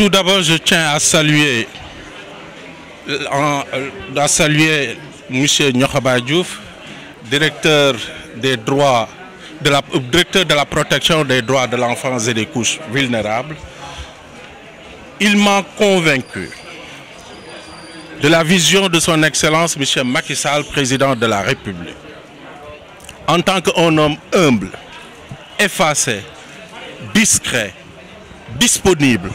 Tout d'abord, je tiens à saluer, M. Nyokhaba Diouf, directeur des droits, de la, directeur de la protection des droits de l'enfance et des couches vulnérables. Il m'a convaincu de la vision de son Excellence M. Macky Sall, président de la République. En tant qu'un homme humble, effacé, discret, disponible,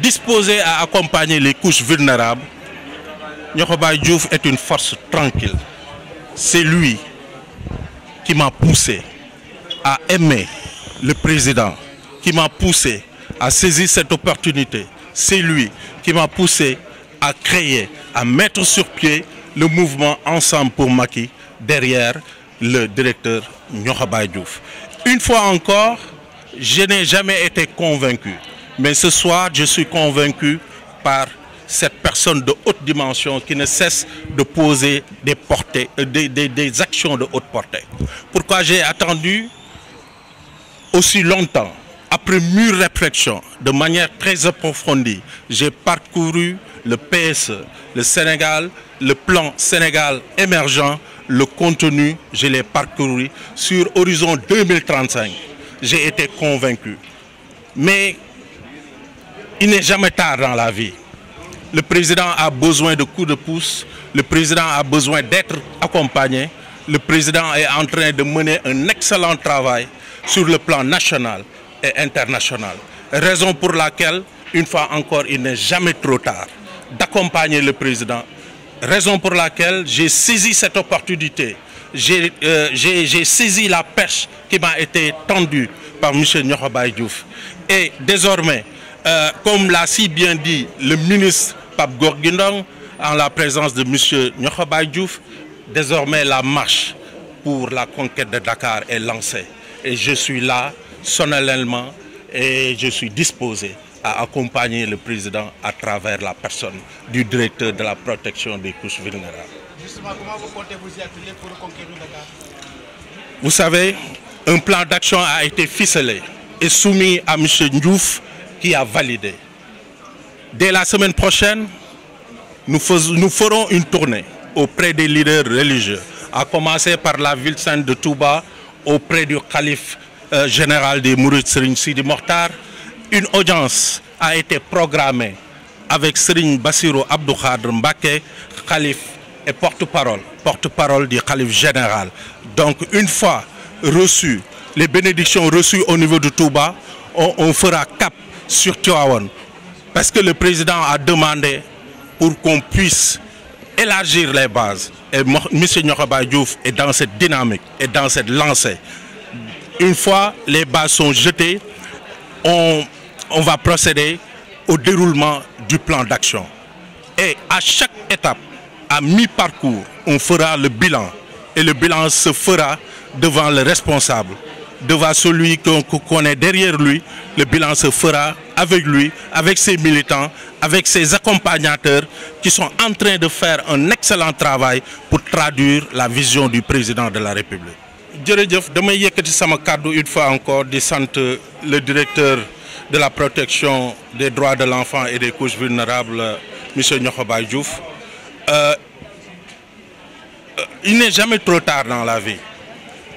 disposé à accompagner les couches vulnérables, Nyokoba Diouf est une force tranquille. C'est lui qui m'a poussé à aimer le président, qui m'a poussé à saisir cette opportunité. C'est lui qui m'a poussé à créer, à mettre sur pied le mouvement Ensemble pour Maki derrière le directeur Nyokoba Une fois encore, je n'ai jamais été convaincu mais ce soir, je suis convaincu par cette personne de haute dimension qui ne cesse de poser des, portées, euh, des, actions de haute portée. Pourquoi j'ai attendu aussi longtemps Après mûre réflexion, de manière très approfondie, j'ai parcouru le PS, e, le Sénégal, le plan Sénégal émergent, le contenu, je l'ai parcouru sur Horizon 2035. J'ai été convaincu. Mais il n'est jamais tard dans la vie. Le président a besoin de coups de pouce, le président a besoin d'être accompagné, le président est en train de mener un excellent travail sur le plan national et international. Raison pour laquelle, une fois encore, il n'est jamais trop tard d'accompagner le président. Raison pour laquelle j'ai saisi cette opportunité, j'ai euh, saisi la pêche qui m'a été tendue par M. Et désormais, euh, comme l'a si bien dit le ministre Pape Gorguindong, en la présence de M. Diouf, désormais la marche pour la conquête de Dakar est lancée. Et je suis là, solennellement, et je suis disposé à accompagner le président à travers la personne du directeur de la protection des couches vulnérables. Justement, comment vous comptez vous y pour Dakar Vous savez, un plan d'action a été ficelé et soumis à M. Ndjouf qui a validé. Dès la semaine prochaine, nous, ferons une tournée auprès des leaders religieux, à commencer par la ville sainte de Touba, auprès du calife euh, général des Mourides Sering, Sidi Mortar. Une audience a été programmée avec Srin Bassiro Abdou Mbake, calife et porte-parole, porte-parole du calife général. Donc une fois reçues les bénédictions reçues au niveau de Touba, on fera cap sur parce que le président a demandé pour qu'on puisse élargir les bases. Et M. Nyoraba est dans cette dynamique, est dans cette lancée. Une fois les bases sont jetées, on, va procéder au déroulement du plan d'action. Et à chaque étape, à mi-parcours, on fera le bilan. Et le bilan se fera devant les responsables devant celui qu'on connaît derrière lui, le bilan se fera avec lui, avec ses militants, avec ses accompagnateurs qui sont en train de faire un excellent travail pour traduire la vision du président de la République. jërëjëf damay yëkkati sama cadeau une fois encore di le directeur de la protection des droits de l'enfant et des couches vulnérables monsieur Niokho Djouf, euh, euh, il n'est jamais trop tard dans la vie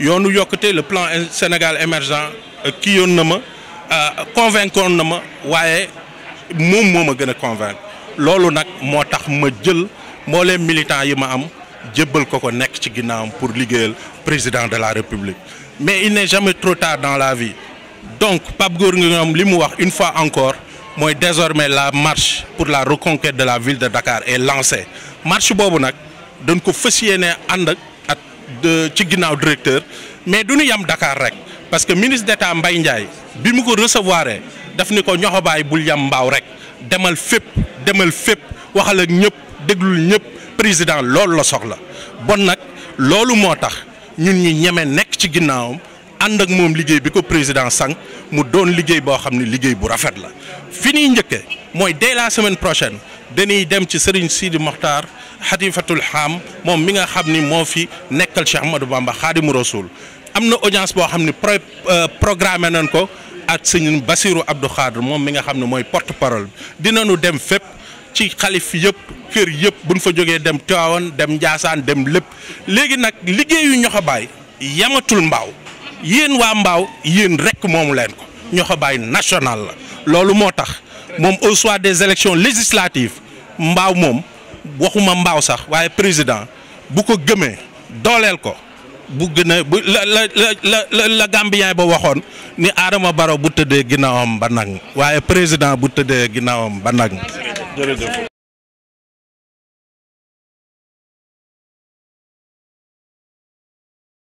Nous avons le plan Sénégal émergent qui euh, nous ma euh, convaincre na ma waaye moom moo ma a ma jël moo leen militant yi ma am jébbal ko ko ci pour le président de la république mais il n'est jamais trop tard dans la vie donc Pape Gorgui Ngom li une fois encore mooy désormais la marche pour la reconquête de la ville de Dakar est lancée marche est nag dañ ko de ci ginnaw directeur mais duñu yam dakar parce que ministre d'état mbay ndjay bi mu ko recevoiré daf ni ko ñoxobaay bul yam mbaw rek demal fep demal fep waxal ak ñep deglul ñep président loolu la soxla bon nak loolu motax ñun ñi ñame nek ci ginnaw and ak mom liggey bi ko président sang mu doon liggey bo xamni liggey bu rafet la fini ñëkke moy dès la semaine prochaine danuy dem ci Serigne Sidi Mokhtar xatifatul xaam moom mi nga xam ni moo fi nekkal Cheikh Ahmadou Bamba xaadimu rasul am na audience boo xam ni pro euh, programmé nañ ko ak sëñ Basirou Abdou Khadr moom mi nga xam ne mooy porte dina dinañu dem fépp ci xalif yëpp kër yëpp buñ fa jógee dem Tivaouane dem Ndiassane dem lépp léegi nag liggéeyu Niokhobaye yamatul mbaaw yéen waa mbaaw yéen rek moomu leen ko Niokhobaye national la loolu moo tax. mom au soir des élections législatives mbaw mom waxuma mbaw sax waye président bu ko gëmé dolel ko bu gëna la la la la Gambien ba waxone ni Adama baro bu tëddee ginaawam ba nag président bu tëddee ginaawam ba